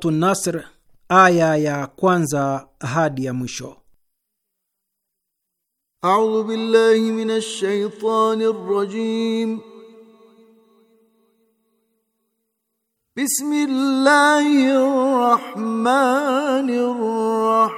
Suratu Nasr aya ya kwanza hadi ya mwisho. Audhu billahi minash shaitani rrajim. Bismillahir rahmanir rahim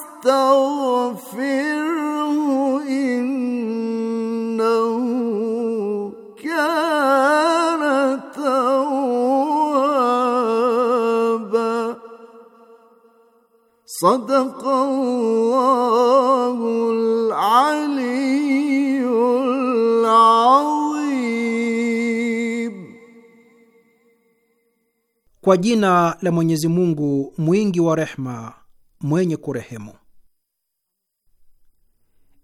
فاستغفره إنه كان توابا صدق الله العلي العظيم Kwa jina la Mwenyezi Mungu mwingi wa rehma mwenye kurehemu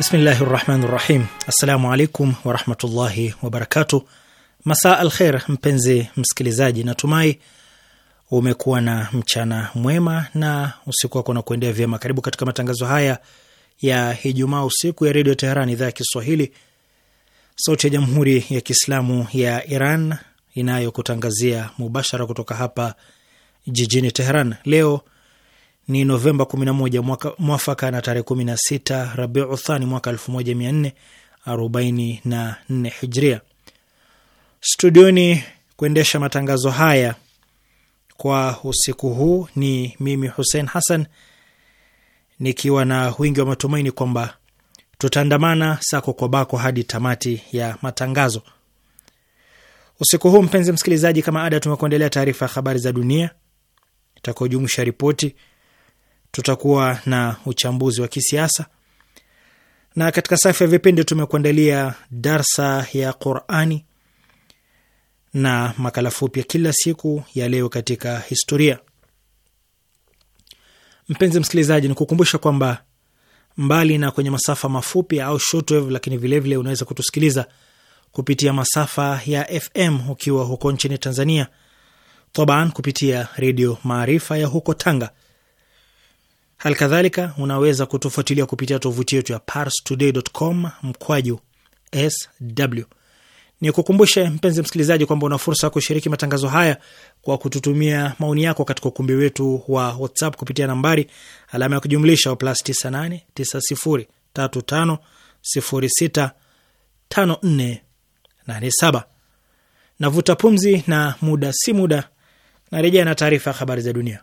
Bismillahi rahmani rahim. Assalamu alaikum warahmatullahi wabarakatu. Masaa al kher, mpenzi msikilizaji, natumai umekuwa na mchana mwema na usiku wako na kuendea vyema. Karibu katika matangazo haya ya Ijumaa usiku ya redio Teheran, idhaa ya Kiswahili, sauti ya jamhuri ya kiislamu ya Iran inayokutangazia mubashara kutoka hapa jijini Teheran. Leo ni Novemba 11 mwafaka na tarehe 16 Rabiu Thani mwaka 1444 Hijria. Studioni kuendesha matangazo haya kwa usiku huu ni mimi Hussein Hassan, nikiwa na wingi wa matumaini kwamba tutaandamana sako kwa bako hadi tamati ya matangazo usiku huu. Mpenzi msikilizaji, kama ada, tumekuendelea taarifa ya habari za dunia itakaojumuisha ripoti tutakuwa na uchambuzi wa kisiasa, na katika safu ya vipindi tumekuandalia darsa ya Qurani na makala fupi ya kila siku ya leo katika historia. Mpenzi msikilizaji, ni kukumbusha kwamba mbali na kwenye masafa mafupi au shortwave, lakini vilevile unaweza kutusikiliza kupitia masafa ya FM ukiwa huko nchini Tanzania, taban kupitia Redio Maarifa ya huko Tanga Hali kadhalika unaweza kutufuatilia kupitia tovuti yetu ya parstoday.com mkwaju sw. Ni kukumbushe mpenzi msikilizaji kwamba una fursa ya kushiriki matangazo haya kwa kututumia maoni yako katika ukumbi wetu wa WhatsApp kupitia nambari alama ya kujumlisha wa plus 98 Navuta pumzi na muda si muda narejea na taarifa ya habari za dunia.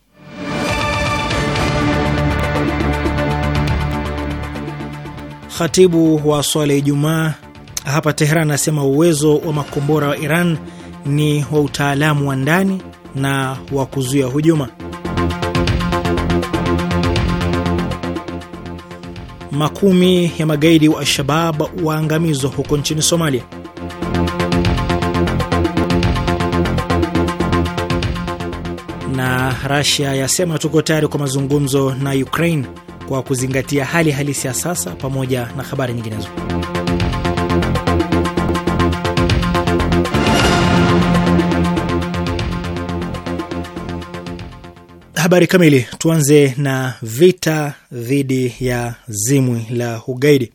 Khatibu wa swala ya Ijumaa hapa Tehran anasema uwezo wa makombora wa Iran ni wa utaalamu wa ndani na wa kuzuia hujuma. Makumi ya magaidi wa Al-Shabab waangamizwa huko nchini Somalia. Na Russia yasema tuko tayari kwa mazungumzo na Ukraine kwa kuzingatia hali halisi ya sasa pamoja na habari nyinginezo. Habari kamili. Tuanze na vita dhidi ya zimwi la ugaidi.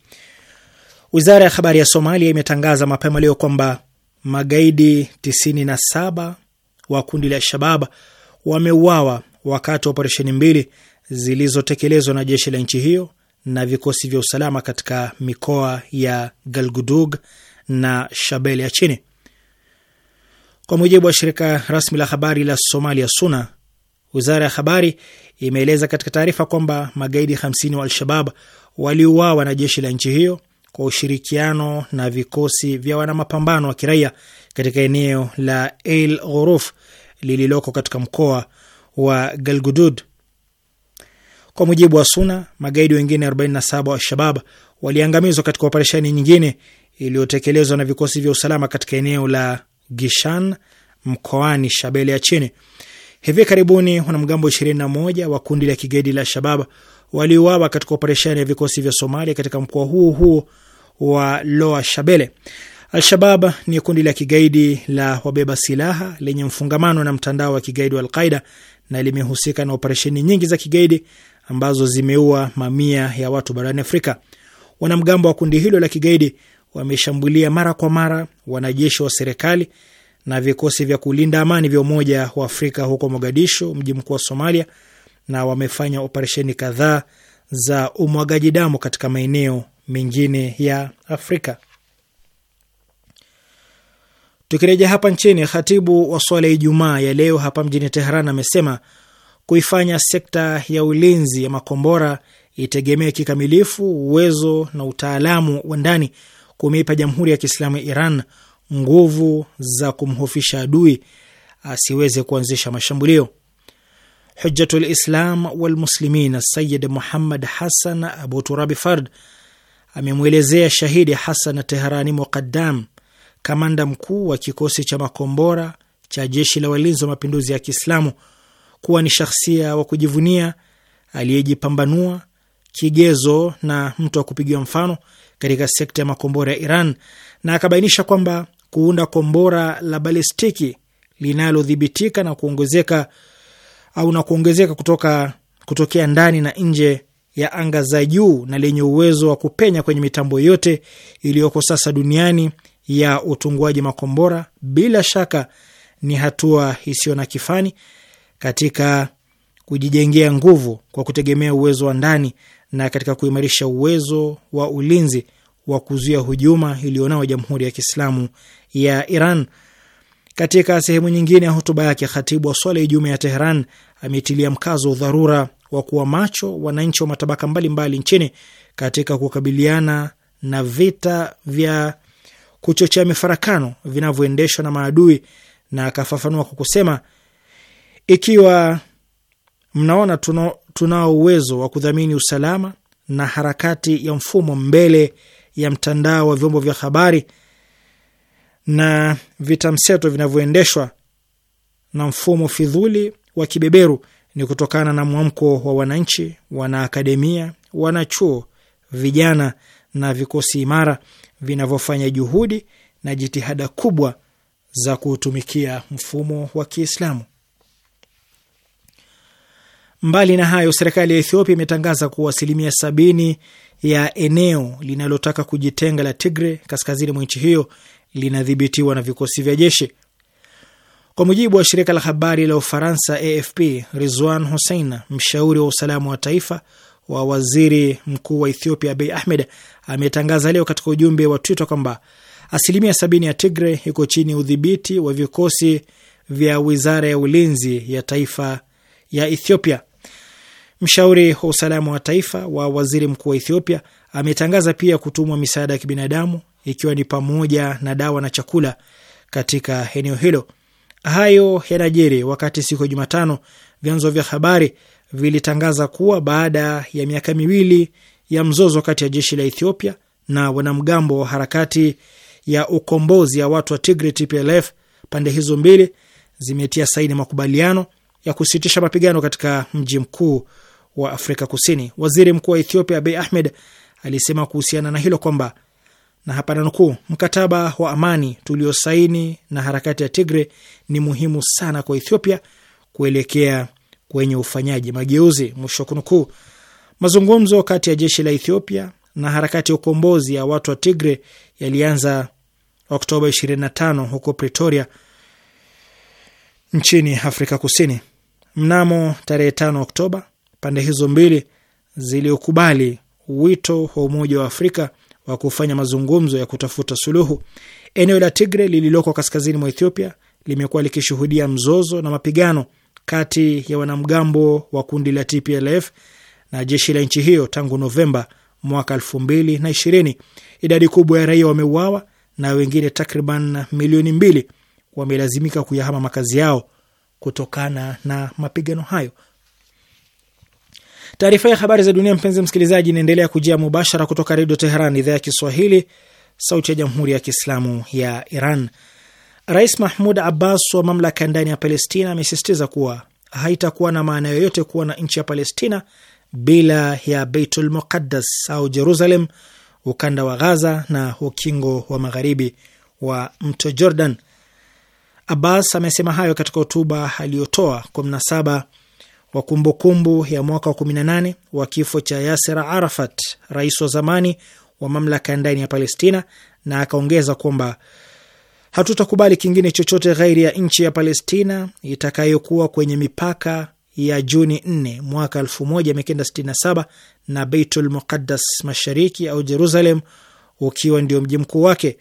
Wizara ya habari ya Somalia imetangaza mapema leo kwamba magaidi 97 wa kundi la Shabab wameuawa wakati wa operesheni mbili zilizotekelezwa na jeshi la nchi hiyo na vikosi vya usalama katika mikoa ya Galgudug na Shabelle ya chini. Kwa mujibu wa shirika rasmi la habari la Somalia SUNA, wizara ya habari imeeleza katika taarifa kwamba magaidi 50 wa Al-Shabab waliuawa na jeshi la nchi hiyo kwa ushirikiano na vikosi vya wanamapambano wa kiraia katika eneo la El Ghoruf lililoko katika mkoa wa Galgudud kwa mujibu wa Suna, magaidi wengine 47 wa Al-Shabab waliangamizwa katika operesheni nyingine iliyotekelezwa na vikosi vya usalama katika eneo la Gishan mkoani Shabele ya chini. Hivi karibuni wanamgambo 21 wa kundi la kigaidi la Al-Shabab waliuawa katika operesheni ya vikosi vya Somalia katika mkoa huo huo wa Loa Shabele. Al-Shabab ni kundi la kigaidi la wabeba silaha lenye mfungamano na mtandao wa kigaidi wa Alqaida na limehusika na operesheni nyingi za kigaidi ambazo zimeua mamia ya watu barani Afrika. Wanamgambo wa kundi hilo la kigaidi wameshambulia mara kwa mara wanajeshi wa serikali na vikosi vya kulinda amani vya Umoja wa Afrika huko Mogadishu, mji mkuu wa Somalia, na wamefanya operesheni kadhaa za umwagaji damu katika maeneo mengine ya Afrika. Tukirejea hapa nchini, khatibu wa swala ya Ijumaa ya leo hapa mjini Teheran amesema kuifanya sekta ya ulinzi ya makombora itegemee kikamilifu uwezo na utaalamu wa ndani kumeipa Jamhuri ya Kiislamu ya Iran nguvu za kumhofisha adui asiweze kuanzisha mashambulio. Hujjatul Islam walmuslimin Muslimin Muhammad Hassan Abu Turabi Fard amemwelezea Shahidi Hassan Tehrani Muqaddam, kamanda mkuu wa kikosi cha makombora cha jeshi la walinzi wa mapinduzi ya Kiislamu kuwa ni shahsia wa kujivunia aliyejipambanua, kigezo na mtu wa kupigiwa mfano katika sekta ya makombora ya Iran, na akabainisha kwamba kuunda kombora la balistiki linalodhibitika na kuongezeka au na kuongezeka kutoka kutokea ndani na nje ya anga za juu na lenye uwezo wa kupenya kwenye mitambo yote iliyoko sasa duniani ya utunguaji makombora, bila shaka ni hatua isiyo na kifani katika kujijengea nguvu kwa kutegemea uwezo wa ndani na katika kuimarisha uwezo wa ulinzi wa kuzuia hujuma iliyonao Jamhuri ya Kiislamu ya Iran. Katika sehemu nyingine ya hotuba yake, khatibu wa swala ya Ijumaa ya Teheran ametilia mkazo udharura wa kuwa macho wananchi wa matabaka mbalimbali mbali nchini katika kukabiliana na vita vya kuchochea mifarakano vinavyoendeshwa na maadui, na akafafanua kwa kusema ikiwa mnaona tunao uwezo wa kudhamini usalama na harakati ya mfumo mbele ya mtandao wa vyombo vya habari na vita mseto vinavyoendeshwa na mfumo fidhuli wa kibeberu, ni kutokana na mwamko wa wananchi, wanaakademia, wanachuo, vijana na vikosi imara vinavyofanya juhudi na jitihada kubwa za kuutumikia mfumo wa Kiislamu. Mbali na hayo, serikali ya Ethiopia imetangaza kuwa asilimia sabini ya eneo linalotaka kujitenga la Tigre kaskazini mwa nchi hiyo linadhibitiwa na vikosi vya jeshi. Kwa mujibu wa shirika la habari la Ufaransa AFP, Rizwan Hussein, mshauri wa usalama wa taifa wa waziri mkuu wa Ethiopia Abiy Ahmed, ametangaza leo katika ujumbe wa Twitter kwamba asilimia sabini ya Tigre iko chini ya udhibiti wa vikosi vya wizara ya ulinzi ya taifa ya Ethiopia. Mshauri wa usalama wa taifa wa waziri mkuu wa Ethiopia ametangaza pia kutumwa misaada ya kibinadamu ikiwa ni pamoja na dawa na chakula katika eneo hilo. Hayo yanajiri wakati siku ya Jumatano vyanzo vya habari vilitangaza kuwa baada ya miaka miwili ya mzozo kati ya jeshi la Ethiopia na wanamgambo wa harakati ya ukombozi ya watu wa Tigray TPLF, pande hizo mbili zimetia saini makubaliano ya kusitisha mapigano katika mji mkuu wa Afrika Kusini. Waziri mkuu wa Ethiopia Abiy Ahmed alisema kuhusiana na hilo kwamba, na hapa nanukuu, mkataba wa amani tuliosaini na harakati ya Tigre ni muhimu sana kwa Ethiopia kuelekea kwenye ufanyaji mageuzi, mwisho kunukuu. Mazungumzo kati ya jeshi la Ethiopia na harakati ya ukombozi ya watu wa Tigre yalianza Oktoba 25 huko Pretoria nchini Afrika Kusini. Mnamo tarehe 5 Oktoba, pande hizo mbili ziliokubali wito wa Umoja wa Afrika wa kufanya mazungumzo ya kutafuta suluhu. Eneo la Tigre lililoko kaskazini mwa Ethiopia limekuwa likishuhudia mzozo na mapigano kati ya wanamgambo wa kundi la TPLF na jeshi la nchi hiyo tangu Novemba mwaka elfu mbili na ishirini. Idadi kubwa ya raia wameuawa na wengine takriban milioni mbili wamelazimika kuyahama makazi yao kutokana na mapigano hayo. Taarifa ya habari za dunia, mpenzi msikilizaji, inaendelea kujia mubashara kutoka Redio Teheran, idhaa ya Kiswahili, sauti ya jamhuri ya kiislamu ya Iran. Rais Mahmud Abbas wa mamlaka ndani ya Palestina amesisitiza kuwa haitakuwa na maana yoyote kuwa na nchi ya Palestina bila ya Beitul Muqaddas au Jerusalem, ukanda wa Ghaza na ukingo wa magharibi wa mto Jordan. Abbas amesema hayo katika hotuba aliyotoa kwa mnasaba wa kumbukumbu ya mwaka wa 18 wa kifo cha Yasser Arafat, rais wa zamani wa mamlaka ya ndani ya Palestina, na akaongeza kwamba hatutakubali kingine chochote ghairi ya nchi ya Palestina itakayokuwa kwenye mipaka ya Juni 4 mwaka 1967 na Beitul Muqaddas mashariki au Jerusalem ukiwa ndio mji mkuu wake.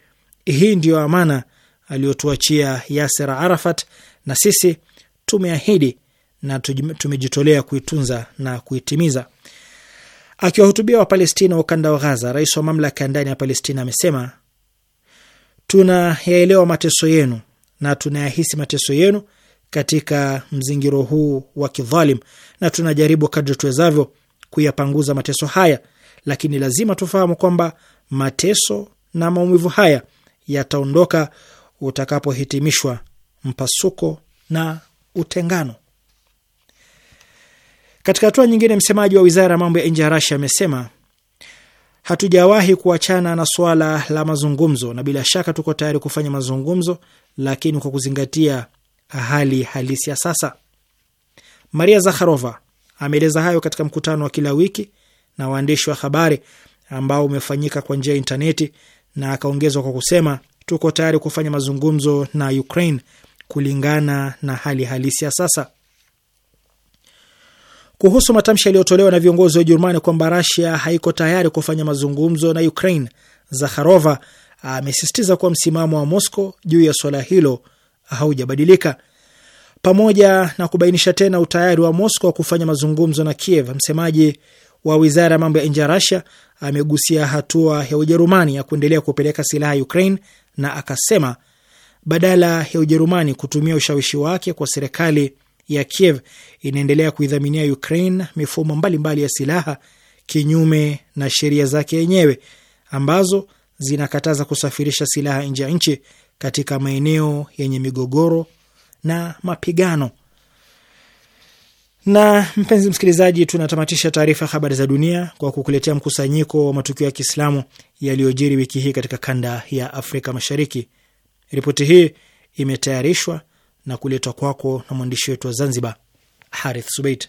Hii ndiyo amana aliyotuachia Yasser Arafat, na sisi tumeahidi na tumejitolea kuitunza na kuitimiza. Akiwahutubia Wapalestina wa ukanda wa Ghaza, rais wa mamlaka ya ndani ya Palestina amesema tunayaelewa mateso yenu na tunayahisi mateso yenu katika mzingiro huu wa kidhalim, na tunajaribu kadri tuwezavyo kuyapanguza mateso haya, lakini lazima tufahamu kwamba mateso na maumivu haya yataondoka utakapohitimishwa mpasuko na utengano. Katika hatua nyingine, msemaji wa wizara ya mambo ya nje ya Rasia amesema hatujawahi kuachana na swala la mazungumzo, na bila shaka tuko tayari kufanya mazungumzo, lakini kwa kuzingatia hali halisi ya sasa. Maria Zakharova ameeleza hayo katika mkutano wa kila wiki na waandishi wa habari ambao umefanyika kwa njia ya intaneti, na akaongezwa kwa kusema tuko tayari kufanya mazungumzo na Ukraine kulingana na hali halisi ya sasa kuhusu matamshi yaliyotolewa na viongozi wa Ujerumani kwamba Rasia haiko tayari kufanya mazungumzo na Ukraine, Zakharova amesisitiza kuwa msimamo wa mosco juu ya suala hilo haujabadilika. Pamoja na kubainisha tena utayari wa mosco wa kufanya mazungumzo na Kiev, msemaji wa wizara ya mambo ya nje ya Rasia amegusia hatua ya Ujerumani ya kuendelea kupeleka silaha Ukraine na akasema badala ya Ujerumani kutumia ushawishi wake kwa serikali ya Kiev inaendelea kuidhaminia Ukraine mifumo mbalimbali ya silaha kinyume na sheria zake yenyewe ambazo zinakataza kusafirisha silaha nje ya nchi katika maeneo yenye migogoro na mapigano. Na mpenzi msikilizaji, tunatamatisha taarifa ya habari za dunia kwa kukuletea mkusanyiko wa matukio ya Kiislamu yaliyojiri wiki hii katika kanda ya Afrika Mashariki. Ripoti hii imetayarishwa na kuletwa kwako na mwandishi wetu wa Zanzibar, Harith Subeit.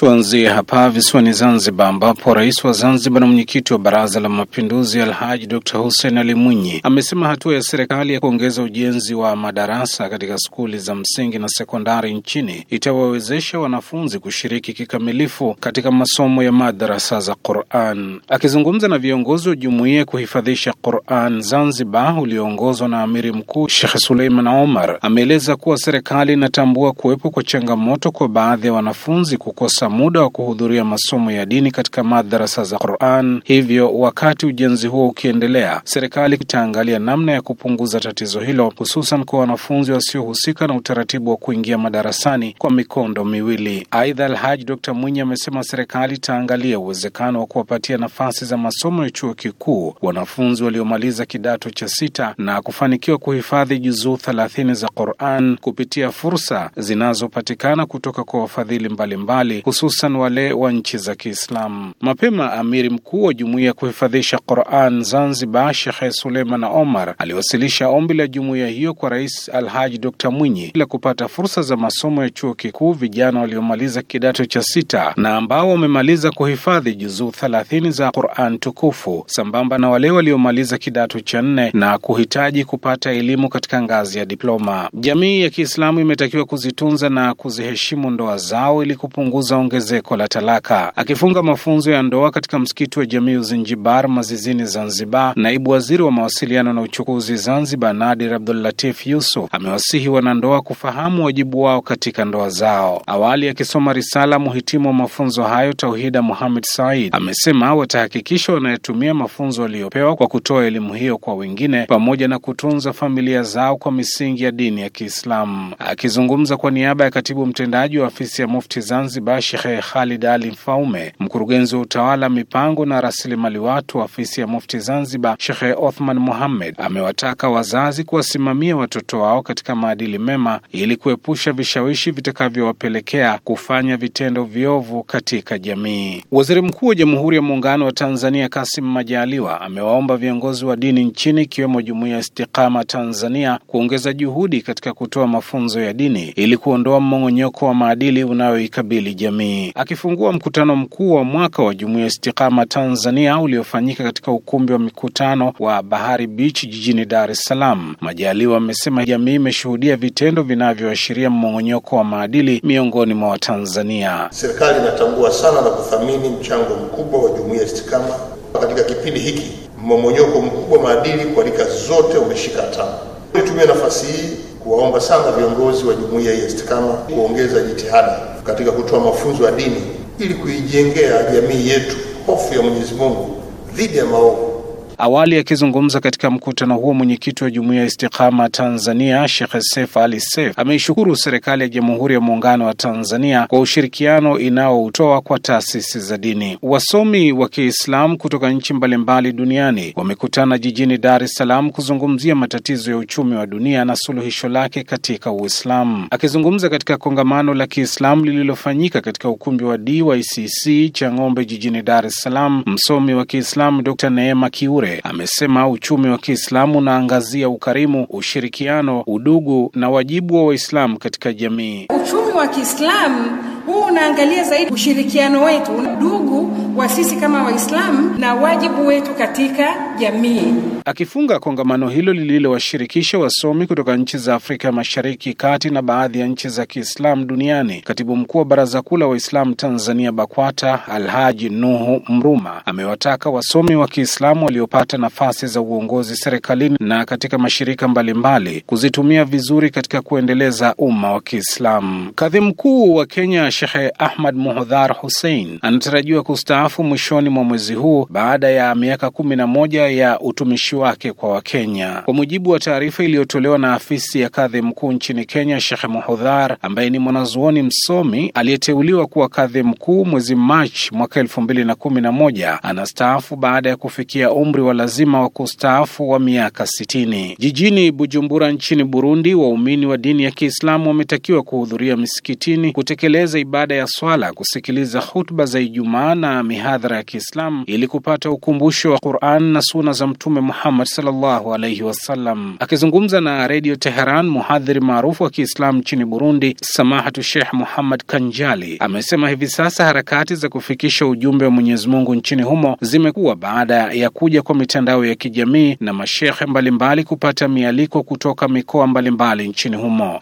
Tuanzie hapa visiwani Zanzibar, ambapo rais wa Zanzibar na mwenyekiti wa Baraza la Mapinduzi Alhaji Dr Hussein Ali Mwinyi amesema hatua ya serikali ya kuongeza ujenzi wa madarasa katika skuli za msingi na sekondari nchini itawawezesha wanafunzi kushiriki kikamilifu katika masomo ya madarasa za Quran. Akizungumza na viongozi wa jumuiya ya kuhifadhisha Quran Zanzibar ulioongozwa na amiri mkuu Shekh Suleiman Omar, ameeleza kuwa serikali inatambua kuwepo kwa changamoto kwa baadhi ya wanafunzi kukosa muda wa kuhudhuria masomo ya dini katika madarasa za Quran. Hivyo, wakati ujenzi huo ukiendelea, serikali itaangalia namna ya kupunguza tatizo hilo, hususan kwa wanafunzi wasiohusika na utaratibu wa kuingia madarasani kwa mikondo miwili. Aidha, Alhaji Dr Mwinyi amesema serikali itaangalia uwezekano wa kuwapatia nafasi za masomo ya chuo kikuu wanafunzi waliomaliza kidato cha sita na kufanikiwa kuhifadhi juzuu thelathini za Quran kupitia fursa zinazopatikana kutoka kwa wafadhili mbalimbali mbali, hususan wale wa nchi za Kiislamu. Mapema amiri mkuu wa jumuiya ya kuhifadhisha Quran Zanzibar, Shekhe Suleiman Omar aliwasilisha ombi la jumuiya hiyo kwa Rais Alhaji Dr Mwinyi la kupata fursa za masomo ya chuo kikuu vijana waliomaliza kidato cha sita na ambao wamemaliza kuhifadhi juzuu thelathini za Quran tukufu sambamba na wale waliomaliza kidato cha nne na kuhitaji kupata elimu katika ngazi ya diploma. Jamii ya Kiislamu imetakiwa kuzitunza na kuziheshimu ndoa zao ili kupunguza ongezeko la talaka. Akifunga mafunzo ya ndoa katika msikiti wa jamii Uzinjibar Mazizini, Zanzibar, naibu waziri wa mawasiliano na uchukuzi Zanzibar Nadir Abdul Latif Yusuf amewasihi wanandoa kufahamu wajibu wao katika ndoa zao. Awali akisoma risala muhitimu wa mafunzo hayo Tauhida Muhamed Said amesema watahakikisha wanayetumia mafunzo waliyopewa kwa kutoa elimu hiyo kwa wengine pamoja na kutunza familia zao kwa misingi ya dini ya Kiislamu. Akizungumza kwa niaba ya katibu mtendaji wa afisi ya mufti Zanzibar Shehe Khalid Ali Mfaume, mkurugenzi wa utawala mipango na rasilimali watu wa ofisi ya mufti Zanzibar, Shehe Othman muhammed amewataka wazazi kuwasimamia watoto wao katika maadili mema ili kuepusha vishawishi vitakavyowapelekea kufanya vitendo viovu katika jamii. Waziri Mkuu wa Jamhuri ya Muungano wa Tanzania Kasim Majaliwa amewaomba viongozi wa dini nchini ikiwemo Jumuiya ya Istiqama Tanzania kuongeza juhudi katika kutoa mafunzo ya dini ili kuondoa mmong'onyoko wa maadili unayoikabili jamii kijamii. Akifungua mkutano mkuu wa mwaka wa Jumuiya ya Istikama Tanzania uliofanyika katika ukumbi wa mikutano wa Bahari Beach jijini Dar es Salaam, Majaliwa amesema jamii imeshuhudia vitendo vinavyoashiria mmong'onyoko wa maadili miongoni mwa Watanzania. Serikali inatambua sana na kuthamini mchango mkubwa wa Jumuiya ya Istikama katika kipindi hiki. Mmomonyoko mkubwa maadili kwa rika zote umeshika tamu. Nitumie nafasi hii kuwaomba sana viongozi wa jumuiya ya Istikama kuongeza jitihada katika kutoa mafunzo ya dini ili kuijengea jamii yetu hofu ya Mwenyezi Mungu dhidi ya maovu Awali akizungumza katika mkutano huo, mwenyekiti wa jumuiya ya Istikama Tanzania shekh sef Ali Sef ameishukuru serikali ya Jamhuri ya Muungano wa Tanzania kwa ushirikiano inaoutoa kwa taasisi za dini. Wasomi wa Kiislamu kutoka nchi mbalimbali duniani wamekutana jijini Dar es Salaam kuzungumzia matatizo ya uchumi wa dunia na suluhisho lake katika Uislamu. Akizungumza katika kongamano la Kiislamu lililofanyika katika ukumbi wa DYCC cha Ng'ombe jijini Dar es Salaam, msomi wa Kiislamu Dr Neema Kiure Traore amesema uchumi wa Kiislamu unaangazia ukarimu, ushirikiano, udugu na wajibu wa Waislamu katika jamii. Uchumi wa Kiislamu huu unaangalia zaidi ushirikiano wetu, ndugu wa sisi kama Waislamu na wajibu wetu katika jamii. Akifunga kongamano hilo lililowashirikisha wasomi kutoka nchi za Afrika Mashariki, Kati na baadhi ya nchi za Kiislamu duniani, katibu mkuu wa Baraza Kuu la Waislamu Tanzania BAKWATA Alhaji Nuhu Mruma amewataka wasomi wa Kiislamu waliopata nafasi za uongozi serikalini na katika mashirika mbalimbali kuzitumia vizuri katika kuendeleza umma wa Kiislamu. Kadhi mkuu wa Kenya shehe Ahmad Muhdhar Hussein anatarajiwa kustaafu mwishoni mwa mwezi huu baada ya miaka kumi na moja ya utumishi wake kwa Wakenya. Kwa mujibu wa taarifa iliyotolewa na afisi ya kadhi mkuu nchini Kenya, Shekhe muhudhar ambaye ni mwanazuoni msomi aliyeteuliwa kuwa kadhi mkuu mwezi Machi mwaka elfu mbili na kumi na moja anastaafu baada ya kufikia umri wa lazima wa kustaafu wa miaka sitini. Jijini Bujumbura nchini Burundi, waumini wa dini ya Kiislamu wametakiwa kuhudhuria misikitini kutekeleza ibada ya swala, kusikiliza hutba za Ijumaa na mihadhara ya Kiislamu ili kupata ukumbusho wa Quran na suna za Mtume Muhammad sallallahu alaihi wasallam. Akizungumza na Redio Teheran, muhadhiri maarufu wa Kiislamu nchini Burundi, Samahatu Sheikh Muhammad Kanjali amesema hivi sasa harakati za kufikisha ujumbe wa Mwenyezi Mungu nchini humo zimekuwa baada ya kuja kwa mitandao ya kijamii na mashekhe mbalimbali kupata mialiko kutoka mikoa mbalimbali nchini humo.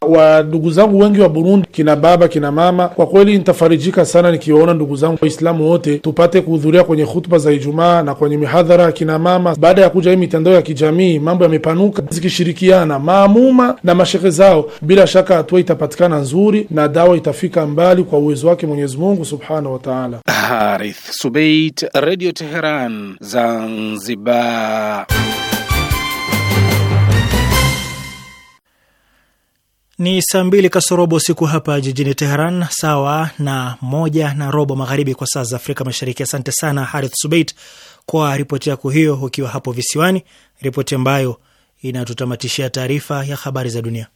ndugu zangu wengi wa Burundi, kina baba, kina mama, kwa kweli nitafarijika sana nikiwaona ndugu zangu Waislamu wote tupate kuhudhuria kwenye hutuba za Ijumaa na kwenye mihadhara kina mama. Baada ya kuja hii mitandao ya kijamii, mambo yamepanuka. Zikishirikiana maamuma na mashehe zao, bila shaka hatua itapatikana nzuri na dawa itafika mbali kwa uwezo wake Mwenyezi Mungu subhanahu wa Harith Radio Teheran, Zanzibar. Ni saa mbili kasorobo usiku hapa jijini Teheran, sawa na moja na robo magharibi kwa saa za Afrika Mashariki. Asante sana Harith Subeit kwa ripoti yako hiyo, ukiwa hapo visiwani, ripoti ambayo inatutamatishia taarifa ya habari za dunia.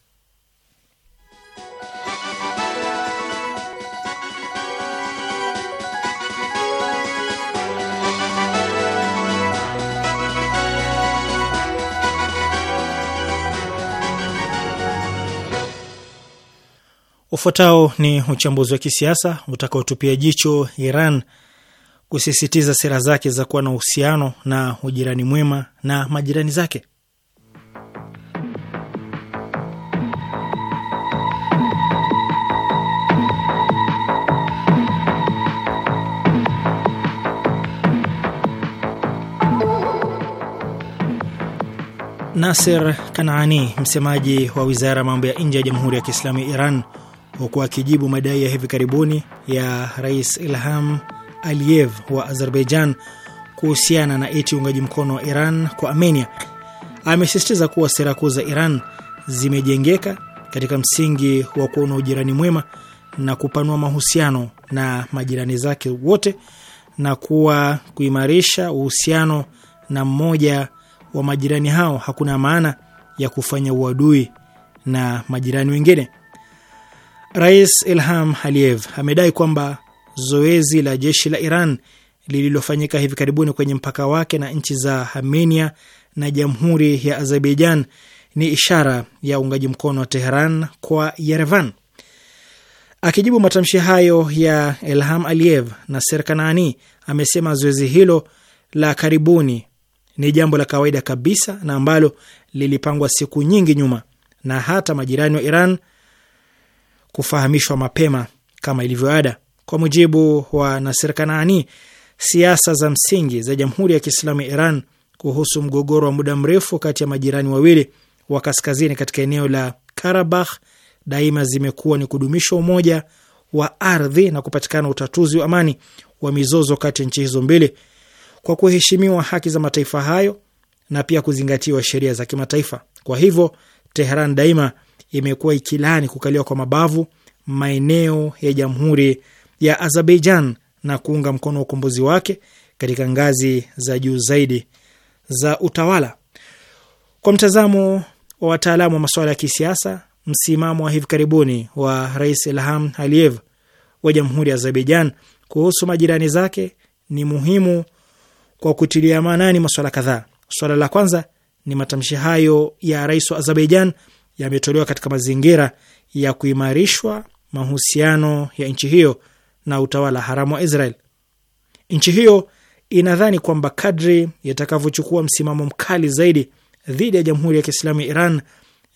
Ufuatao ni uchambuzi wa kisiasa utakaotupia jicho Iran kusisitiza sera zake za kuwa na uhusiano na ujirani mwema na majirani zake. Nasser Kanaani, msemaji wa wizara ya mambo ya nje ya Jamhuri ya Kiislamu ya Iran huku akijibu madai ya hivi karibuni ya Rais Ilham Aliyev wa Azerbaijan kuhusiana na eti uungaji mkono wa Iran kwa Armenia. Amesisitiza kuwa sera kuu za Iran zimejengeka katika msingi wa kuona ujirani mwema na kupanua mahusiano na majirani zake wote na kuwa kuimarisha uhusiano na mmoja wa majirani hao hakuna maana ya kufanya uadui na majirani wengine. Rais Ilham Aliyev amedai kwamba zoezi la jeshi la Iran lililofanyika hivi karibuni kwenye mpaka wake na nchi za Armenia na Jamhuri ya Azerbaijan ni ishara ya uungaji mkono wa Teheran kwa Yerevan. Akijibu matamshi hayo ya elham Aliyev, Naser Kanaani amesema zoezi hilo la karibuni ni jambo la kawaida kabisa na ambalo lilipangwa siku nyingi nyuma, na hata majirani wa Iran kufahamishwa mapema kama ilivyo ada. Kwa mujibu wa Nasir Kanaani, siasa za msingi za Jamhuri ya Kiislamu ya Iran kuhusu mgogoro wa muda mrefu kati ya majirani wawili wa kaskazini katika eneo la Karabakh daima zimekuwa ni kudumisha umoja wa ardhi na kupatikana utatuzi wa amani wa mizozo kati ya nchi hizo mbili kwa kuheshimiwa haki za mataifa hayo na pia kuzingatiwa sheria za kimataifa. Kwa hivyo, Tehran daima imekuwa ikilaani kukaliwa kwa mabavu maeneo ya jamhuri ya Azerbaijan na kuunga mkono wa ukombozi wake katika ngazi za juu zaidi za utawala. Kwa mtazamo wa wataalamu wa masuala ya kisiasa, msimamo wa hivi karibuni wa Rais Ilham Aliyev wa jamhuri ya Azerbaijan kuhusu majirani zake ni muhimu kwa kutilia maanani masuala kadhaa. Suala la kwanza ni matamshi hayo ya rais wa Azerbaijan yametolewa katika mazingira ya kuimarishwa mahusiano ya nchi hiyo na utawala haramu wa Israel. Nchi hiyo inadhani kwamba kadri itakavyochukua msimamo mkali zaidi dhidi ya Jamhuri ya Kiislamu ya Iran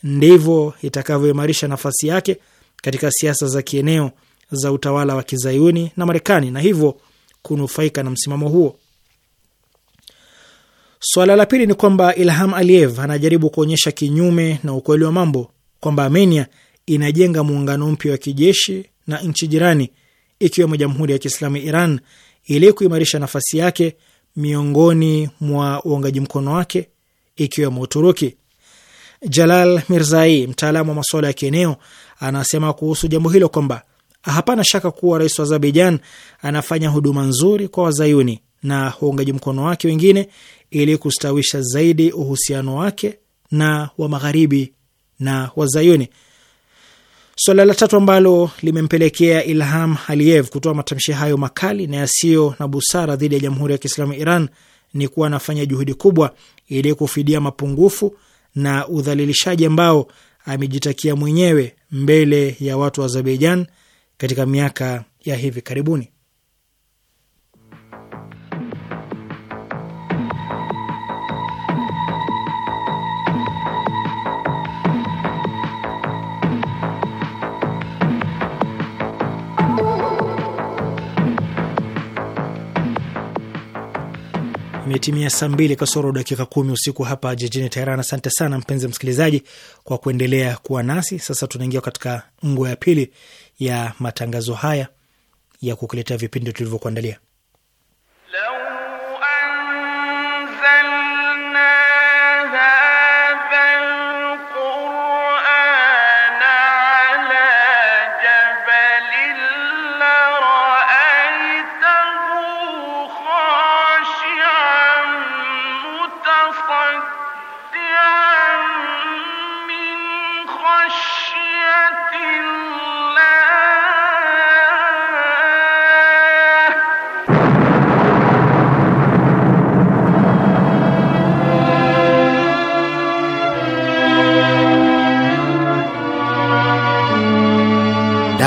ndivyo itakavyoimarisha nafasi yake katika siasa za kieneo za utawala wa kizayuni na Marekani na hivyo kunufaika na msimamo huo. Swala la pili ni kwamba Ilham Aliyev anajaribu kuonyesha kinyume na ukweli wa mambo kwamba Armenia inajenga muungano mpya wa kijeshi na nchi jirani ikiwemo Jamhuri ya Kiislamu Iran ili kuimarisha nafasi yake miongoni mwa uungaji mkono wake ikiwemo Uturuki. Jalal Mirzai, mtaalamu wa masuala ya kieneo, anasema kuhusu jambo hilo kwamba hapana shaka kuwa rais wa Azerbaijan anafanya huduma nzuri kwa Wazayuni na uungaji mkono wake wengine ili kustawisha zaidi uhusiano wake na wa magharibi na wazayuni. Swala la tatu ambalo limempelekea Ilham Aliyev kutoa matamshi hayo makali na yasiyo na busara dhidi ya Jamhuri ya Kiislamu Iran ni kuwa anafanya juhudi kubwa ili kufidia mapungufu na udhalilishaji ambao amejitakia mwenyewe mbele ya watu wa Azerbaijan katika miaka ya hivi karibuni. imetimia saa mbili kasoro dakika kumi usiku hapa jijini Teheran. Asante sana mpenzi msikilizaji kwa kuendelea kuwa nasi. Sasa tunaingia katika ngo ya pili ya matangazo haya ya kukuletea vipindi tulivyokuandalia.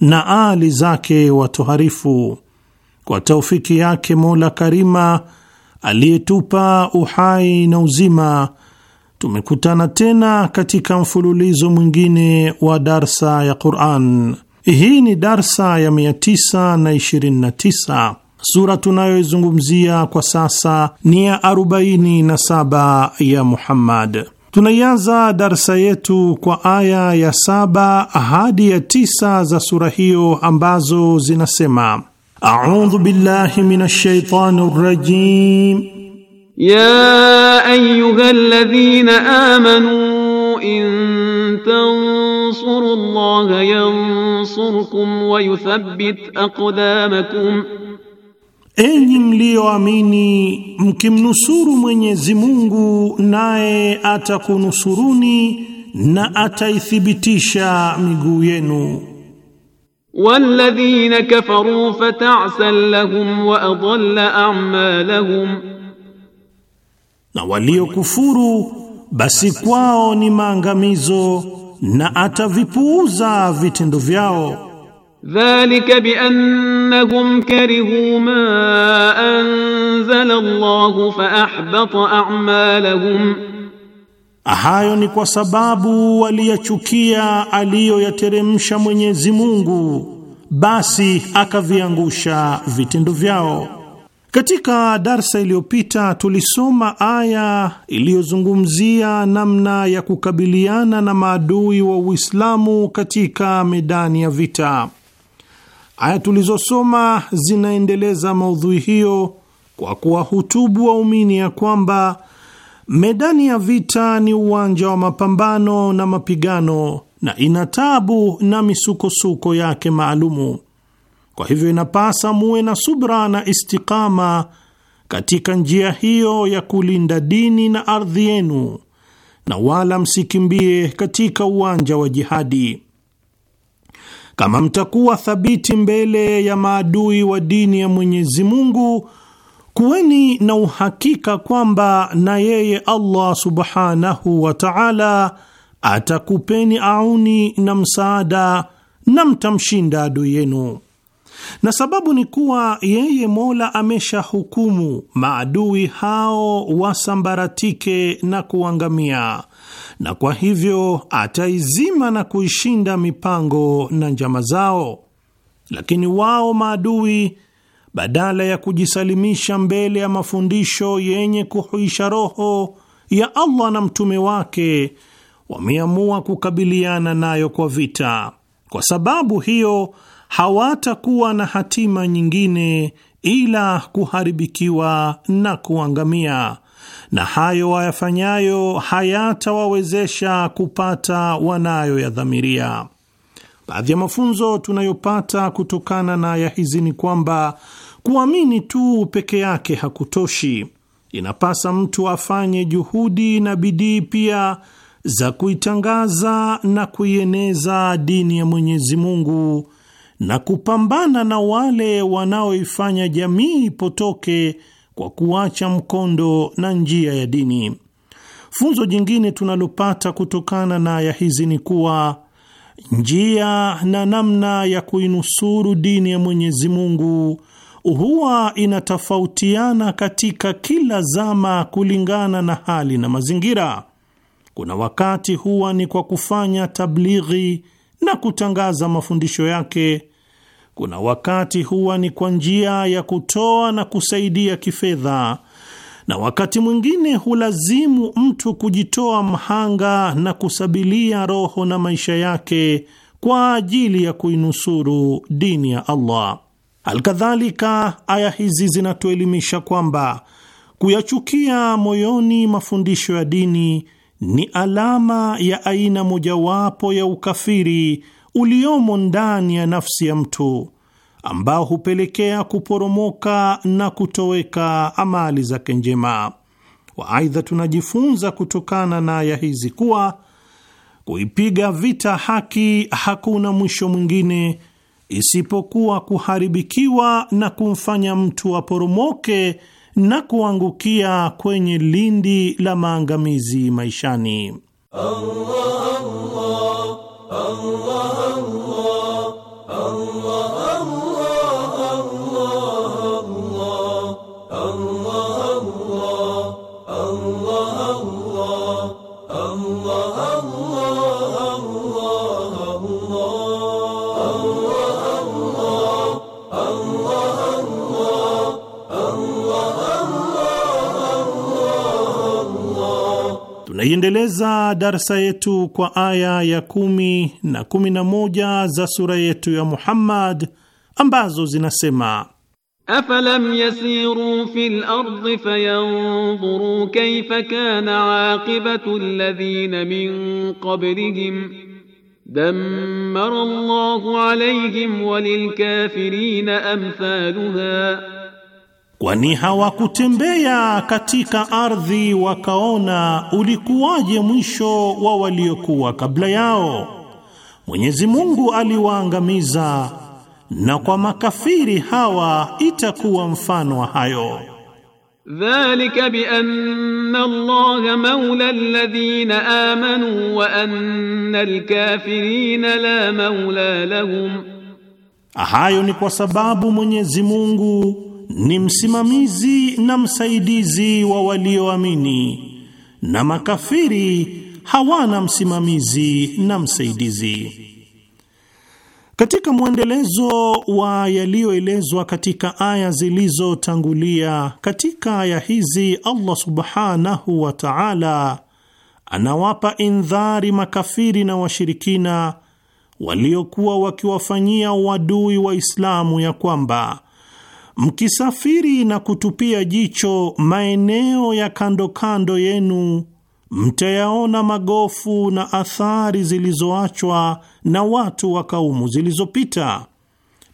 na aali zake watoharifu. Kwa taufiki yake Mola Karima aliyetupa uhai na uzima, tumekutana tena katika mfululizo mwingine wa darsa ya Quran. Hii ni darsa ya 929. Sura tunayoizungumzia kwa sasa ni ya 47 ya Muhammad. Tunaianza darsa yetu kwa aya ya saba hadi ya tisa za sura hiyo ambazo zinasema: audhu billahi minash shaitani rajim ya ayyuhalladhina amanu in tansuru llaha yansurkum wa yuthabbit aqdamakum Enyi mlioamini, mkimnusuru Mwenyezi Mungu naye atakunusuruni na ataithibitisha miguu yenu. Walladhina kafaru fata'sal lahum wa adalla a'malahum, na waliokufuru basi kwao ni maangamizo na atavipuuza vitendo vyao. Dhalika biannahum karihu ma anzala Allahu fa ahbata a'malahum, hayo ni kwa sababu waliyachukia aliyoyateremsha Mwenyezi Mungu, basi akaviangusha vitendo vyao. Katika darsa iliyopita tulisoma aya iliyozungumzia namna ya kukabiliana na maadui wa Uislamu katika medani ya vita. Aya tulizosoma zinaendeleza maudhui hiyo kwa kuwahutubu waumini ya kwamba medani ya vita ni uwanja wa mapambano na mapigano, na ina tabu na misukosuko yake maalumu. Kwa hivyo inapasa muwe na subra na istikama katika njia hiyo ya kulinda dini na ardhi yenu, na wala msikimbie katika uwanja wa jihadi. Kama mtakuwa thabiti mbele ya maadui wa dini ya Mwenyezi Mungu, kuweni na uhakika kwamba na yeye Allah subhanahu wa ta'ala atakupeni auni na msaada na mtamshinda adui yenu. Na sababu ni kuwa yeye Mola ameshahukumu maadui hao wasambaratike na kuangamia na kwa hivyo ataizima na kuishinda mipango na njama zao. Lakini wao maadui, badala ya kujisalimisha mbele ya mafundisho yenye kuhuisha roho ya Allah na mtume wake, wameamua kukabiliana nayo kwa vita. Kwa sababu hiyo hawatakuwa na hatima nyingine ila kuharibikiwa na kuangamia na hayo wayafanyayo hayatawawezesha kupata wanayoyadhamiria. Baadhi ya mafunzo tunayopata kutokana na aya hizi ni kwamba kuamini tu peke yake hakutoshi, inapasa mtu afanye juhudi na bidii pia za kuitangaza na kuieneza dini ya Mwenyezi Mungu na kupambana na wale wanaoifanya jamii ipotoke kwa kuacha mkondo na njia ya dini. Funzo jingine tunalopata kutokana na aya hizi ni kuwa njia na namna ya kuinusuru dini ya Mwenyezi Mungu huwa inatofautiana katika kila zama kulingana na hali na mazingira. Kuna wakati huwa ni kwa kufanya tablighi na kutangaza mafundisho yake kuna wakati huwa ni kwa njia ya kutoa na kusaidia kifedha, na wakati mwingine hulazimu mtu kujitoa mhanga na kusabilia roho na maisha yake kwa ajili ya kuinusuru dini ya Allah. Alkadhalika, aya hizi zinatuelimisha kwamba kuyachukia moyoni mafundisho ya dini ni alama ya aina mojawapo ya ukafiri uliomo ndani ya nafsi ya mtu ambao hupelekea kuporomoka na kutoweka amali zake njema. Waaidha, tunajifunza kutokana na aya hizi kuwa kuipiga vita haki hakuna mwisho mwingine isipokuwa kuharibikiwa na kumfanya mtu aporomoke na kuangukia kwenye lindi la maangamizi maishani. Allah, Allah. Tunaiendeleza darsa yetu kwa aya ya kumi na kumi na moja za sura yetu ya Muhammad ambazo zinasema Afalam yasiru fil ardi fayanzuru kayfa kana aqibatu alladhina min qablihim dammara Allahu alayhim walilkafirina amthaluha Kwani hawakutembea katika ardhi wakaona ulikuwaje mwisho wa waliokuwa kabla yao. Mwenyezi Mungu aliwaangamiza, na kwa makafiri hawa itakuwa mfano wa hayo. Dhalika bi anna Allaha mawla alladhina amanu wa anna alkafirina la mawla lahum, hayo ni kwa sababu Mwenyezi Mungu ni msimamizi na msaidizi wa walioamini, na makafiri hawana msimamizi na msaidizi. Katika mwendelezo wa yaliyoelezwa katika aya zilizotangulia, katika aya hizi Allah subhanahu wa ta'ala anawapa indhari makafiri na washirikina waliokuwa wakiwafanyia uadui Waislamu ya kwamba Mkisafiri na kutupia jicho maeneo ya kando kando yenu, mtayaona magofu na athari zilizoachwa na watu wa kaumu zilizopita,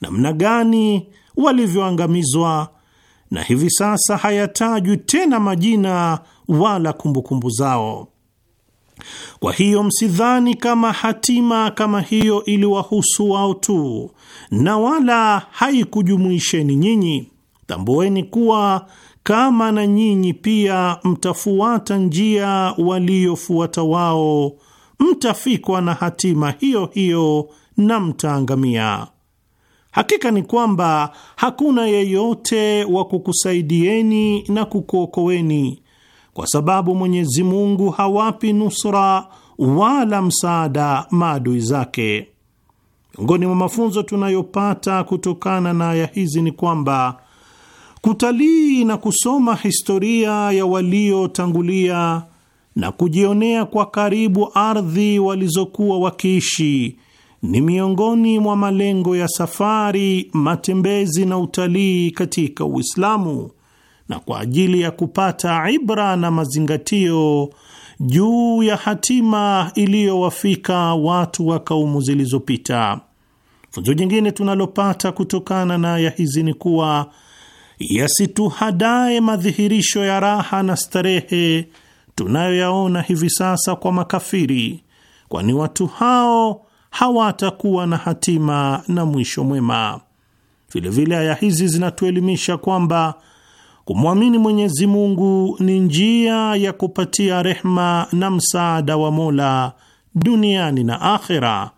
namna gani walivyoangamizwa, na hivi sasa hayatajwi tena majina wala kumbukumbu kumbu zao. Kwa hiyo msidhani kama hatima kama hiyo iliwahusu wao tu, na wala haikujumuisheni nyinyi. Tambueni kuwa kama na nyinyi pia mtafuata njia waliofuata wao, mtafikwa na hatima hiyo hiyo na mtaangamia. Hakika ni kwamba hakuna yeyote wa kukusaidieni na kukuokoeni kwa sababu Mwenyezi Mungu hawapi nusra wala msaada maadui zake. Miongoni mwa mafunzo tunayopata kutokana na aya hizi ni kwamba kutalii na kusoma historia ya waliotangulia na kujionea kwa karibu ardhi walizokuwa wakiishi ni miongoni mwa malengo ya safari, matembezi na utalii katika Uislamu na kwa ajili ya kupata ibra na mazingatio juu ya hatima iliyowafika watu wa kaumu zilizopita. Funzo jingine tunalopata kutokana na aya hizi ni kuwa yasituhadae madhihirisho ya raha na starehe tunayoyaona hivi sasa kwa makafiri, kwani watu hao hawatakuwa na hatima na mwisho mwema. Vilevile aya hizi zinatuelimisha kwamba Kumwamini Mwenyezi Mungu ni njia ya kupatia rehma na msaada wa Mola duniani na akhera,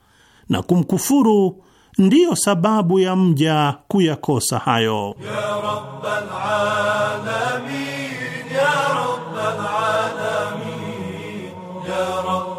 na kumkufuru ndiyo sababu ya mja kuyakosa hayo ya Rabbal alamin, ya Rabbal alamin, ya Rabbal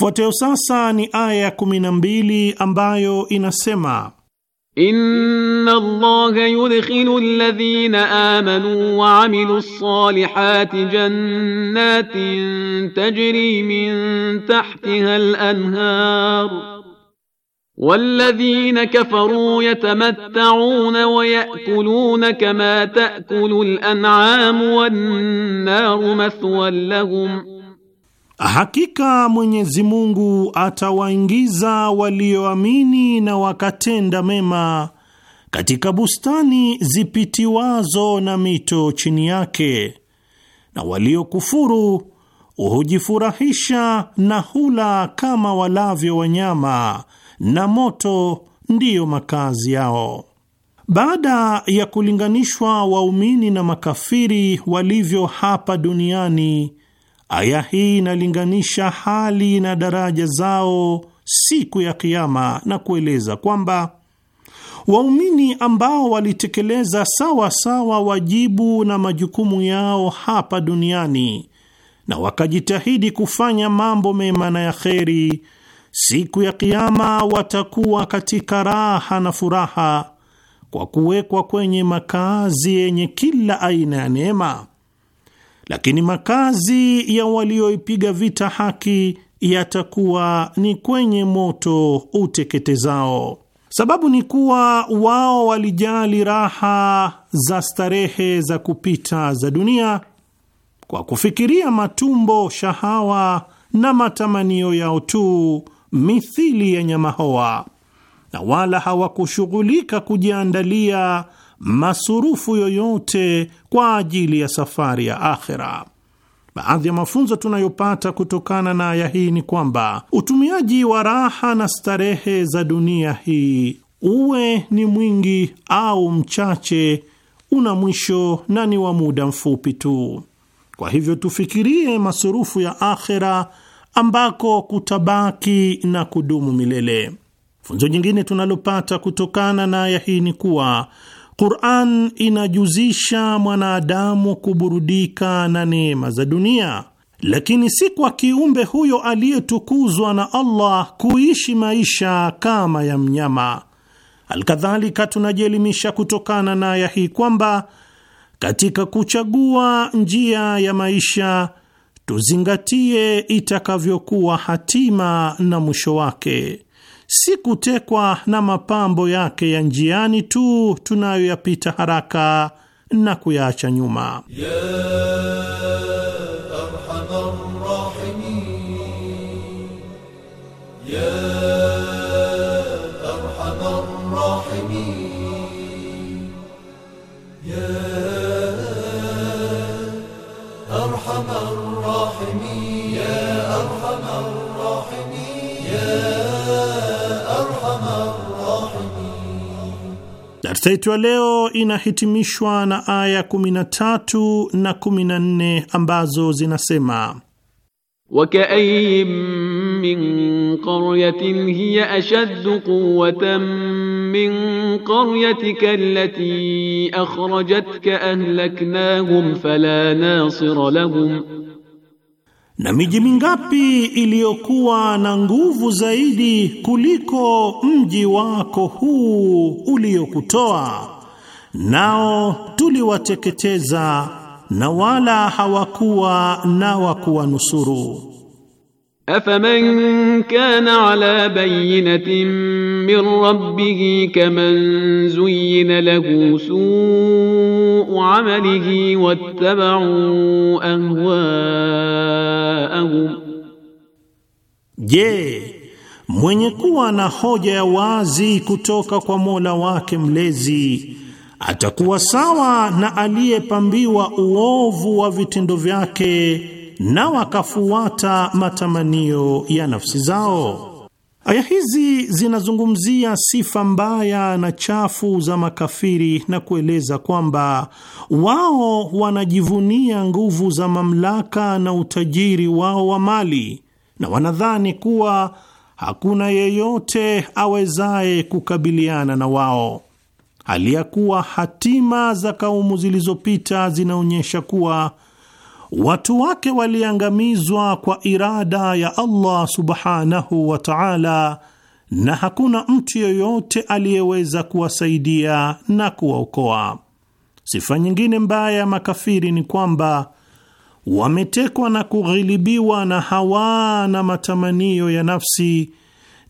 Ifuatayo sasa ni aya ya kumi na mbili ambayo inasema Inna Allaha yudkhilu alladhina amanu wa amilu ssalihati jannatin tajri min tahtiha al-anhar والذين كفروا يتمتعون ويأكلون كما تأكل الأنعام والنار مثوى لهم Hakika Mwenyezi Mungu atawaingiza walioamini na wakatenda mema katika bustani zipitiwazo na mito chini yake, na waliokufuru hujifurahisha na hula kama walavyo wanyama, na moto ndiyo makazi yao. Baada ya kulinganishwa waumini na makafiri walivyo hapa duniani Aya hii inalinganisha hali na daraja zao siku ya Kiama na kueleza kwamba waumini ambao walitekeleza sawa sawa wajibu na majukumu yao hapa duniani na wakajitahidi kufanya mambo mema na ya kheri, siku ya Kiama watakuwa katika raha na furaha kwa kuwekwa kwenye makazi yenye kila aina ya neema lakini makazi ya walioipiga vita haki yatakuwa ni kwenye moto uteketezao. Sababu ni kuwa wao walijali raha za starehe za kupita za dunia kwa kufikiria matumbo, shahawa na matamanio yao tu, mithili ya nyama hoa, na wala hawakushughulika kujiandalia masurufu yoyote kwa ajili ya safari ya akhera. Baadhi ya mafunzo tunayopata kutokana na aya hii ni kwamba utumiaji wa raha na starehe za dunia hii, uwe ni mwingi au mchache, una mwisho na ni wa muda mfupi tu. Kwa hivyo tufikirie masurufu ya akhera ambako kutabaki na kudumu milele. Funzo jingine tunalopata kutokana na aya hii ni kuwa Qur'an inajuzisha mwanadamu kuburudika na neema za dunia, lakini si kwa kiumbe huyo aliyetukuzwa na Allah kuishi maisha kama ya mnyama. Alkadhalika, tunajielimisha kutokana na aya hii kwamba katika kuchagua njia ya maisha tuzingatie itakavyokuwa hatima na mwisho wake si kutekwa na mapambo yake ya njiani tu tunayoyapita haraka na kuyaacha nyuma yeah. Darsa yetu ya leo inahitimishwa na aya 13 na 14 ambazo zinasema Wakaayin min qaryatin hiya ashaddu quwwatan min qaryatika allati akhrajatka ahlaknahum fala nasira lahum na miji mingapi iliyokuwa na nguvu zaidi kuliko mji wako huu uliokutoa? Nao tuliwateketeza na wala hawakuwa na wa kuwanusuru afaman kana ala bayyinatin min rabbih kaman zuyyina lahu su'u amalihi wattaba'u ahwaahum, Je, mwenye kuwa na hoja ya wazi kutoka kwa Mola wake mlezi atakuwa sawa na aliyepambiwa uovu wa vitendo vyake na wakafuata matamanio ya nafsi zao. Aya hizi zinazungumzia sifa mbaya na chafu za makafiri na kueleza kwamba wao wanajivunia nguvu za mamlaka na utajiri wao wa mali na wanadhani kuwa hakuna yeyote awezaye kukabiliana na wao, hali ya kuwa hatima za kaumu zilizopita zinaonyesha kuwa watu wake waliangamizwa kwa irada ya Allah subhanahu wa ta'ala, na hakuna mtu yoyote aliyeweza kuwasaidia na kuwaokoa. Sifa nyingine mbaya ya makafiri ni kwamba wametekwa na kughilibiwa na hawa na matamanio ya nafsi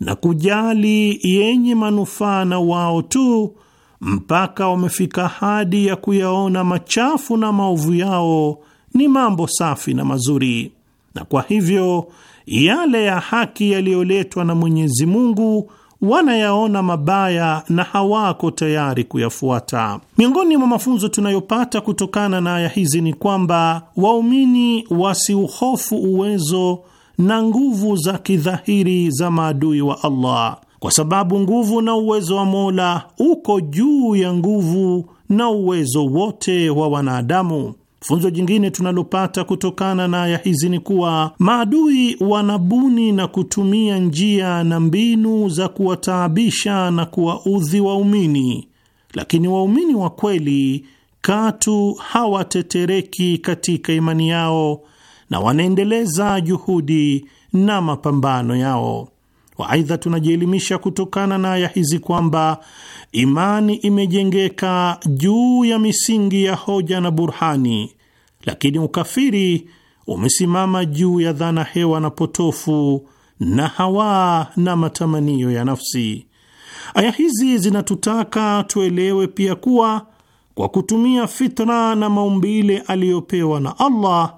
na kujali yenye manufaa na wao tu, mpaka wamefika hadi ya kuyaona machafu na maovu yao ni mambo safi na mazuri, na kwa hivyo yale ya haki yaliyoletwa na Mwenyezi Mungu wanayaona mabaya na hawako tayari kuyafuata. Miongoni mwa mafunzo tunayopata kutokana na aya hizi ni kwamba waumini wasiuhofu uwezo na nguvu za kidhahiri za maadui wa Allah, kwa sababu nguvu na uwezo wa Mola uko juu ya nguvu na uwezo wote wa wanadamu. Funzo jingine tunalopata kutokana na aya hizi ni kuwa maadui wanabuni na kutumia njia na mbinu za kuwataabisha na kuwaudhi waumini, lakini waumini wa kweli katu hawatetereki katika imani yao na wanaendeleza juhudi na mapambano yao. Waaidha, tunajielimisha kutokana na aya hizi kwamba imani imejengeka juu ya misingi ya hoja na burhani, lakini ukafiri umesimama juu ya dhana hewa na potofu na hawa na matamanio ya nafsi. Aya hizi zinatutaka tuelewe pia kuwa kwa kutumia fitra na maumbile aliyopewa na Allah,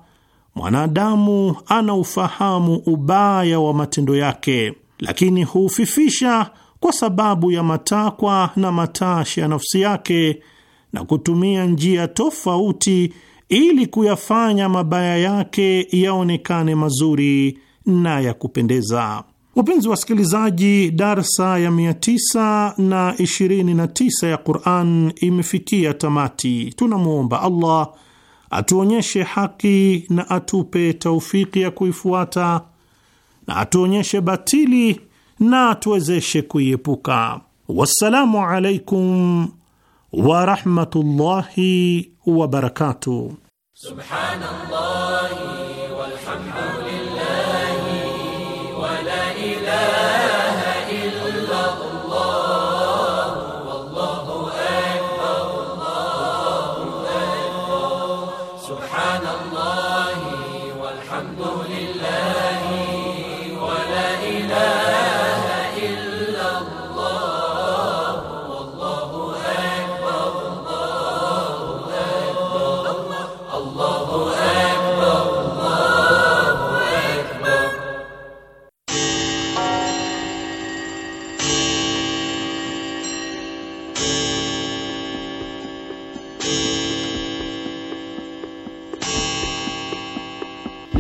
mwanadamu ana ufahamu ubaya wa matendo yake lakini huufifisha kwa sababu ya matakwa na matashi ya nafsi yake na kutumia njia tofauti ili kuyafanya mabaya yake yaonekane mazuri na ya kupendeza. Wapenzi wasikilizaji, darsa ya 929 ya Quran imefikia tamati. Tunamwomba Allah atuonyeshe haki na atupe taufiki ya kuifuata na atuonyeshe batili na atuwezeshe kuiepuka. Wassalamu alaikum warahmatullahi wabarakatuh. Subhanallah.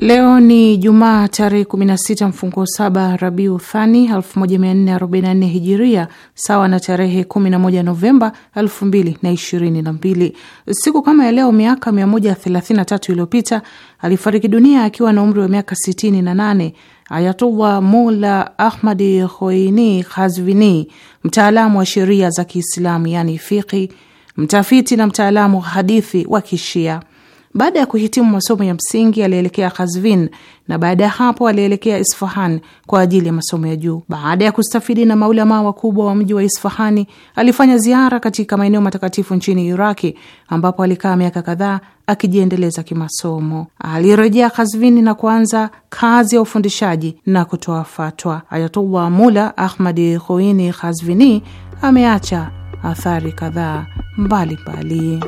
Leo ni Jumaa tarehe 16 mfungo saba Rabiu Thani 1444 Hijiria, sawa na tarehe 11 Novemba 2022. Siku kama ya leo miaka 133 iliyopita alifariki dunia akiwa na umri wa miaka 68 Ayatullah Mula Ahmadi Khoini Khazvini, mtaalamu wa sheria za Kiislamu yani fiqhi, mtafiti na mtaalamu hadithi wa Kishia. Baada ya kuhitimu masomo ya msingi alielekea Kazvin na baada ya hapo alielekea Isfahan kwa ajili ya masomo ya juu. Baada ya kustafidi na maulamaa wakubwa wa mji wa Isfahani, alifanya ziara katika maeneo matakatifu nchini Iraki ambapo alikaa miaka kadhaa akijiendeleza kimasomo. Alirejea Kazvini na kuanza kazi ya ufundishaji na kutoa fatwa. Ayatullah Mula Ahmadi Khoini Kazvini ameacha athari kadhaa mbalimbali.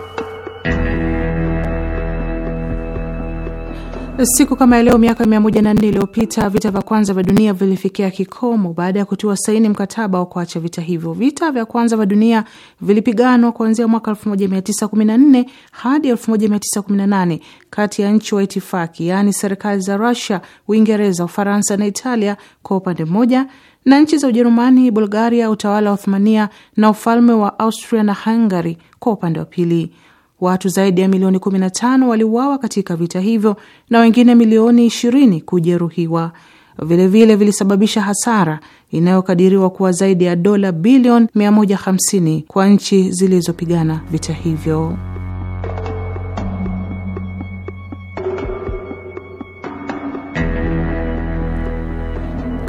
Siku kama leo miaka 104 iliyopita vita vya kwanza vya dunia vilifikia kikomo baada ya kutiwa saini mkataba wa kuacha vita hivyo. Vita vya kwanza vya dunia vilipiganwa kuanzia mwaka 1914 hadi 1918 kati ya nchi wa itifaki, yaani serikali za Russia, Uingereza, Ufaransa na Italia kwa upande mmoja na nchi za Ujerumani, Bulgaria, utawala wa Uthmania na ufalme wa Austria na Hungary kwa upande wa pili watu zaidi ya milioni 15 waliuawa katika vita hivyo na wengine milioni 20 kujeruhiwa. Vilevile vile vilisababisha hasara inayokadiriwa kuwa zaidi ya dola bilioni 150 kwa nchi zilizopigana vita hivyo.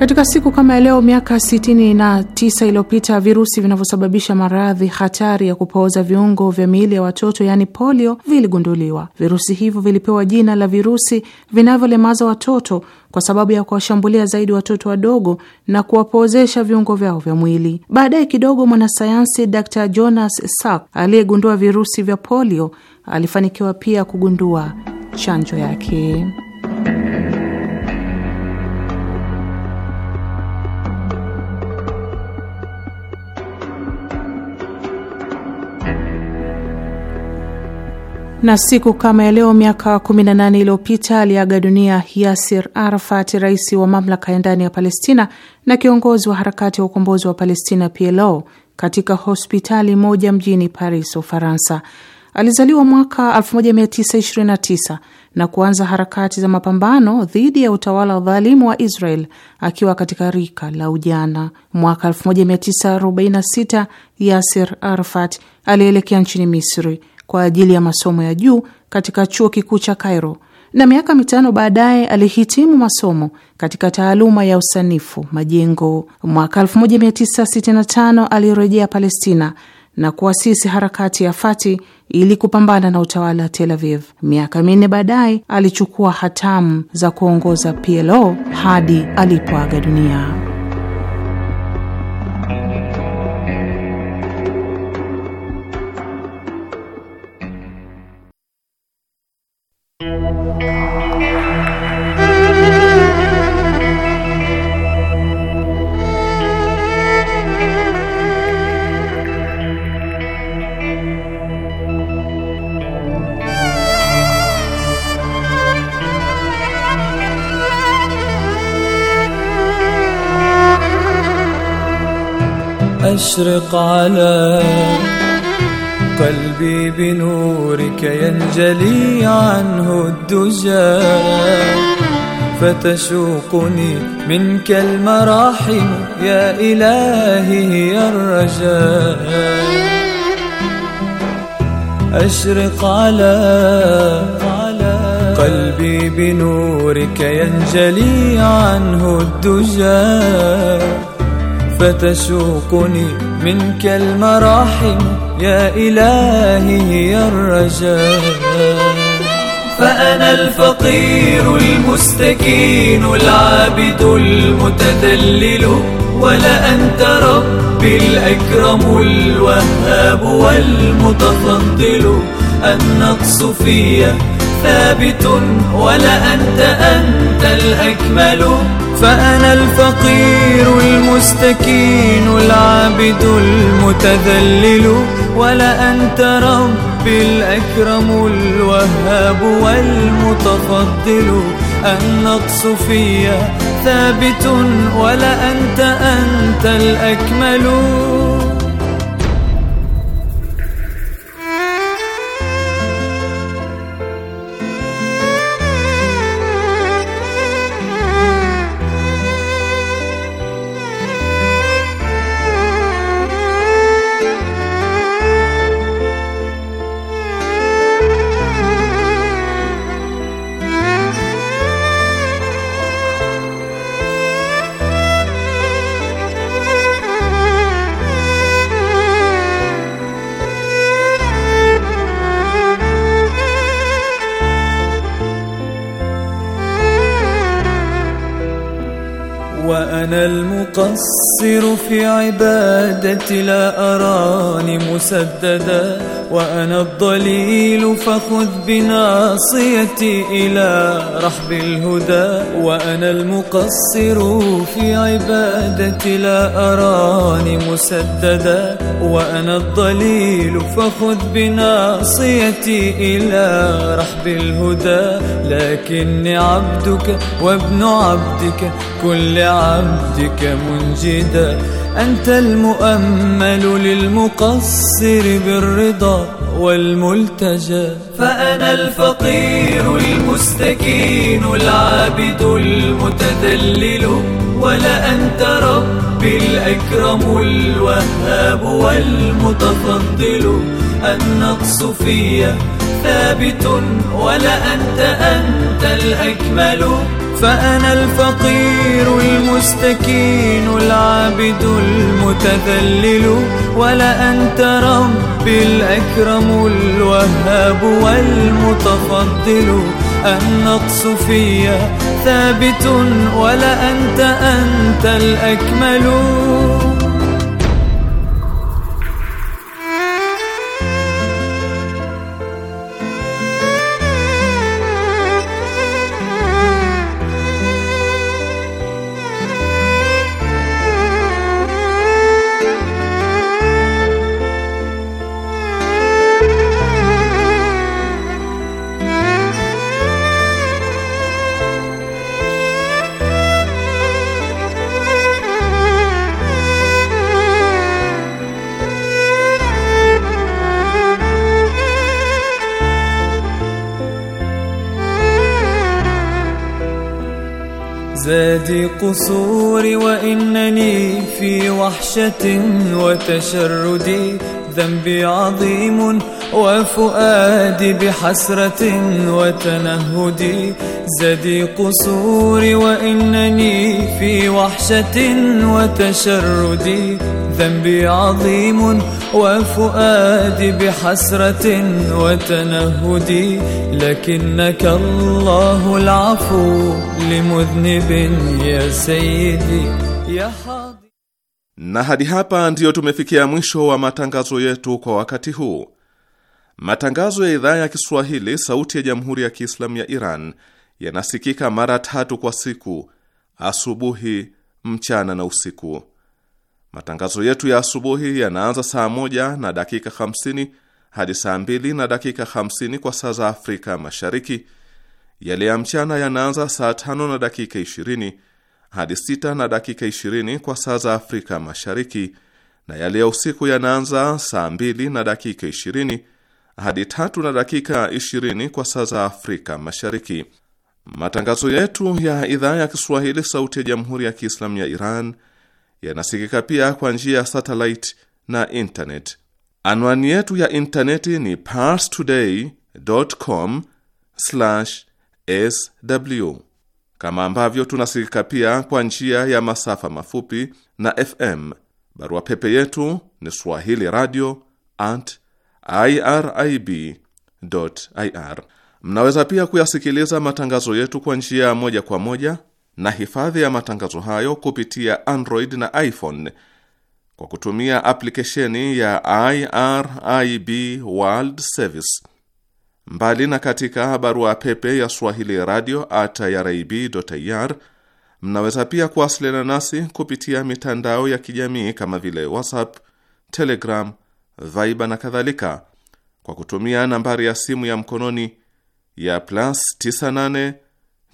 Katika siku kama leo miaka 69 iliyopita virusi vinavyosababisha maradhi hatari ya kupooza viungo vya miili ya watoto yaani polio viligunduliwa. Virusi hivyo vilipewa jina la virusi vinavyolemaza watoto kwa sababu ya kuwashambulia zaidi watoto wadogo na kuwapoozesha viungo vyao vya mwili. Baadaye kidogo, mwanasayansi Dr Jonas Salk aliyegundua virusi vya polio alifanikiwa pia kugundua chanjo yake. Na siku kama ya leo miaka 18 iliyopita aliaga dunia Yasir Arafat, rais wa mamlaka ya ndani ya Palestina na kiongozi wa harakati ya ukombozi wa Palestina PLO, katika hospitali moja mjini Paris, Ufaransa. Alizaliwa mwaka 1929 na kuanza harakati za mapambano dhidi ya utawala dhalimu wa Israel akiwa katika rika la ujana. Mwaka 1946 Yasir Arafat alielekea nchini Misri kwa ajili ya masomo ya juu katika chuo kikuu cha Cairo na miaka mitano baadaye alihitimu masomo katika taaluma ya usanifu majengo. Mwaka 1965 alirejea Palestina na kuasisi harakati ya Fati ili kupambana na utawala wa Tel Aviv. Miaka minne baadaye alichukua hatamu za kuongoza PLO hadi alipoaga dunia. أشرق على قلبي بنورك ينجلي عنه الدجى فتشوقني منك المراحم يا إلهي يا الرجاء أشرق على قلبي بنورك ينجلي عنه الدجى فتشوقني منك المراحم يا إلهي يا الرجاء فأنا الفقير المستكين العابد المتذلل ولا أنت ربي الأكرم الوهاب والمتفضل النقص في ثابت ولا أنت أنت الأكمل فأنا الفقير المستكين العابد المتذلل ولا أنت رب الأكرم الوهاب والمتفضل النقص فيا ثابت ولا أنت أنت الأكمل وأنا المقصر في عبادتي لا أراني مسددا وأنا الضليل فخذ بناصيتي إلى رحب الهدى وأنا المقصر في عبادتي لا أراني مسددا وأنا الضليل فخذ بناصيتي إلى رحب الهدى لكني عبدك وابن عبدك كل عبدك منجدا أنت المؤمل للمقصر بالرضا والملتجى فأنا الفقير المستكين العابد المتذلل ولا أنت ربي الأكرم الوهاب والمتفضل النقص في ثابت ولا أنت أنت الأكمل فأنا الفقير المستكين العابد المتذلل ولا أنت ربي الأكرم الوهاب والمتفضل النقص فيا ثابت ولا أنت أنت الأكمل زاد قصوري وإنني في وحشة وتشردي ذنبي عظيم وفؤادي بحسرة وتنهدي زاد قصوري وإنني في وحشة وتشردي ذنبي عظيم وفؤادي بحسرة وتنهدي لكنك الله العفو لمذنب يا سيدي يا na hadi hapa ndiyo tumefikia mwisho wa matangazo yetu kwa wakati huu. Matangazo ya idhaa ya Kiswahili sauti ya Jamhuri ya Kiislamu ya Iran yanasikika mara tatu kwa siku: asubuhi, mchana na usiku. Matangazo yetu ya asubuhi yanaanza saa moja na dakika hamsini hadi saa mbili na dakika hamsini kwa saa za Afrika Mashariki. Yale ya mchana yanaanza saa tano na dakika ishirini hadi sita na dakika ishirini kwa saa za Afrika Mashariki, na yale ya usiku yanaanza saa mbili na dakika ishirini hadi tatu na dakika ishirini kwa saa za Afrika Mashariki. Matangazo yetu ya idhaa ya Kiswahili, Sauti ya Jamhuri ya Kiislamu ya Iran yanasikika pia kwa njia ya satellite na internet. Anwani yetu ya intaneti ni parstoday.com/sw, kama ambavyo tunasikika pia kwa njia ya masafa mafupi na FM. Barua pepe yetu ni swahili radio at irib ir. Mnaweza pia kuyasikiliza matangazo yetu kwa njia moja kwa moja na hifadhi ya matangazo hayo kupitia Android na iPhone kwa kutumia aplikesheni ya IRIB World Service. Mbali na katika barua pepe ya Swahili radio at irib.ir, mnaweza pia kuwasiliana nasi kupitia mitandao ya kijamii kama vile WhatsApp, Telegram, Viber na kadhalika kwa kutumia nambari ya simu ya mkononi ya plus 98